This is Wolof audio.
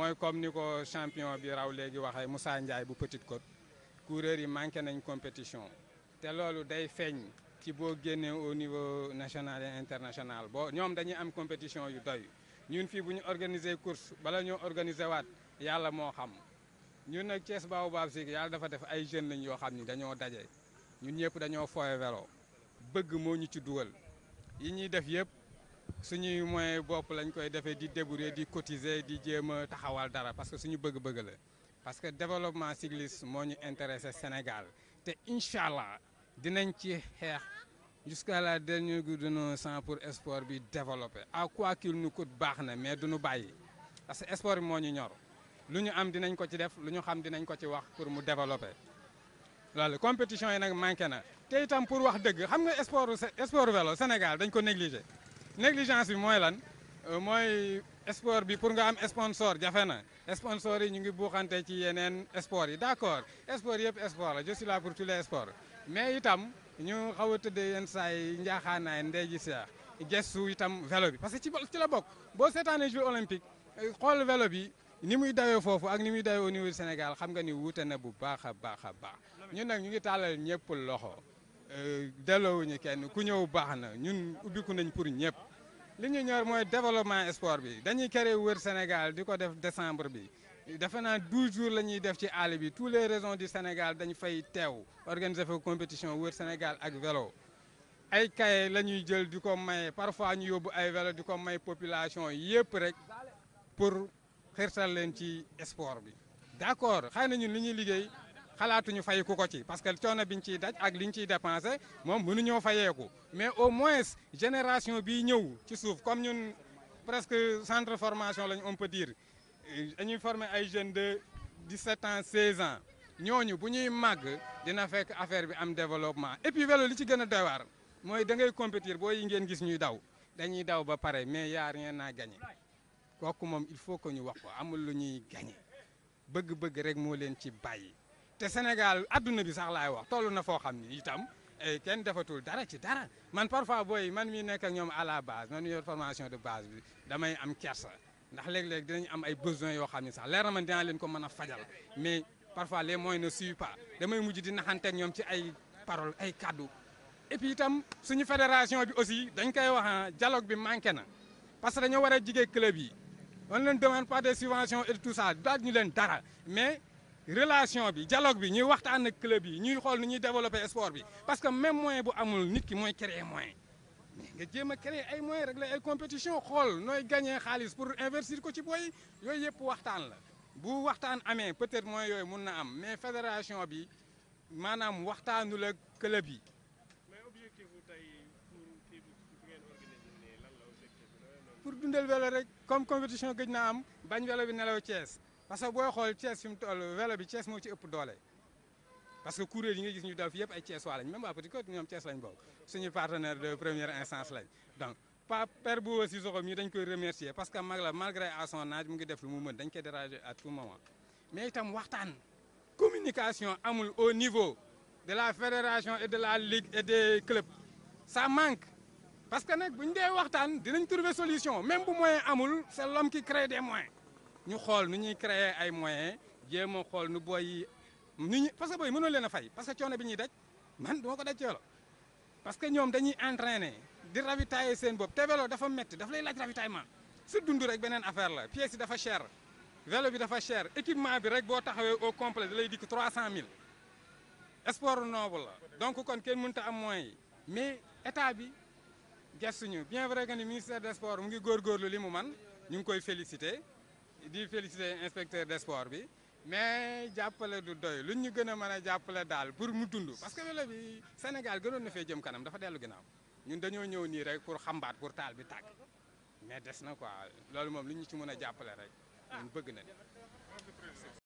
mooy comme ni ko champion bi raw léegi waxee Moussa Ndiaye bu Petite Côte coureurs yi manqué nañ compétition te loolu day feeñ ci boo génnee au niveau national et international boo ñoom dañuy am compétition yu doy ñun fii bu ñu organiser course bala ñoo organiser waat yàlla moo xam ñun nag Thiès Baobab Zik yàlla dafa def ay jeunes lañ yoo xam ni dañoo daje ñun ñëpp dañoo fooye velo bëgg moo ñu ci dugal yi ñuy def yëpp. suñuy moyen bopp lañ koy defee di débrouiller di cotiser di jéem a taxawal dara parce que suñu bëgg-bëgg la parce que développement cycliste moo ñu intéressé Sénégal te incha allah dinañ ci xeex jusqu'à la dernière goutte de nos sangs pour sport bi développé a quoi qu'il nous coûte baax na mais duñu bàyyi parce que sport bi moo ñu ñor lu ñu am dinañ ko ci def lu ñu xam dinañ ko ci wax pour mu développé loolu compétition yi nag manqué na te itam pour wax dëgg xam nga sport sport vélo Sénégal dañ ko négligé négligence bi mooy lan euh, mooy sport bi pour nga am sponsor jafe na sponsor yi ñu ngi buuxante ci yeneen sport yi d'accord sport yëpp sport la je suis là pour tous les sports mais itam ñu xaw a tëddee yenn saa yi njaaxaanaay ndey seex gestu itam velo bi parce que ci ci la bokk boo seetaanee jeux olympique euh, xool velo bi ni muy dawee foofu ak ni muy dawee au niveau du xam nga ni wuute na bu baax a baax a baax ñun nag ñu ngi tàllal ñëpp loxo euh, delloowuñu kenn ku ñëw baax na ñun ubbiku nañ pour ñëpp li ñu ñor mooy développement sport bi dañuy créer wër Sénégal di ko def décembre bi defe naa douze jours la ñuy def ci àll bi tous les régions du Sénégal dañu fay teew organiser fa compétition wër Sénégal ak velo ay kaye la ñuy jël di ko maye parfois ñu yóbbu ay vélo di ko may population yëpp rek pour xirtal leen ci sport bi d'accord xëy na ñun li ñuy liggéey xalaatuñu fay ku ko ci parce que coono ñu ciy daj ak ñu ciy dépensé moom mënuñoo fayeeku mais au moins génération bii ñëw ci suuf comme ñun presque centre formation lañu on peut dire dañuy former ay jeunes de 17 ans 16 ans ñooñu bu ñuy màgg dina fekk affaire bi am développement et puis li ci gën a doy mooy da ngay compétir boo yi ngeen gis ñuy daw dañuy daw ba pare mais yaar rien naa gagné kooku moom il faut que ñu wax ko amul lu ñuy gagné bëgg-bëgg rek moo leen ci bàyyi. te Sénégal adduna bi sax laay wax toll na foo xam ni itam eh, kenn defatul dara ci dara man parfois booy man mi nekk ak ñoom à la base man mi yor formation de base bi damay am kersa ndax léeg-léeg dinañ am ay besoins yoo xam ne sax leer na man dinaa leen ko mën a fajal mais parfois les moyens ne suivent pas damay mujj di naxanteeg ñoom ci ay parole ay kaddu et puis itam suñu fédération bi aussi dañ koy wax ah, dialogue bi manqué na parce que dañoo war a jigee club yi on leen demande pas de subvention et tout ça daaj ñu leen dara mais relation bi dialogue bi ñuy waxtaan ak club yi ñuy xool ni ñuy développer sport bi parce que même moyen bu amul nit ki mooy créer moyen nga jéem a créer ay moyen régler ay compétition xool nooy gagner xaalis pour investir ko ci booy yooyu yëpp waxtaan la bu waxtaan amee peut-être mooy yooyu mun na am mais fédération bi maanaam waxtaanu la club yi. pour kii bi la objectif bi. pour dundal rek comme compétition gëj naa am bañ vélo bi nelaw Thiès. parce que booy xool Thiès fi mu toll vélo bi Thiès moo ci ëpp doole parce que kuréel yi nga gis ñu daw fi yëpp ay Thiès waa lañ même waa Petite Côte ñoom Thiès lañ bokk suñu partenaire de première instance lañ donc pa bu si soxom ñi dañ koy remercier parce que mag la malgré à son âge mu ngi def lu mu mën dañ koy déranger à tout moment mais itam waxtaan communication amul au niveau de la fédération et de la ligue et des clubs ça manque parce que nag bu ñu dee waxtaan dinañ trouver solution même bu moyen amul c'est l'homme qui crée des moyens ñu xool nu ñuy créer ay moyens jéem a xool nu booy nu ñu parce que booy mënoo leen a fay parce que coono bi ñuy daj man duma ko daj ceelo parce que ñoom dañuy entraîner di ravitailler seen bopp te vélo dafa metti daf lay laaj ravitaillement su dund rek beneen affaire la pièce yi dafa cher vélo bi dafa cher équipement bi rek boo taxawee au complet da lay dikk 300000 sport noble la donc kon kenn mënut am moyens mais état bi gestuñu bien vrai que ni ministère des sports mu ngi góorgóorlu li mu man ñu ngi koy féliciter di féliciter inspecteur des sports bi mais jàppale du doy lu ñu gën a mën a jàppale daal pour mu dund parce que vélo bi Sénégal gënoon na fee jëm kanam dafa dellu ginnaaw ñun dañoo ñëw nii rek pour xambaat pour taal bi tàgg mais des na quoi loolu moom lu ñu ci mën a jàppale rek ñun bëgg na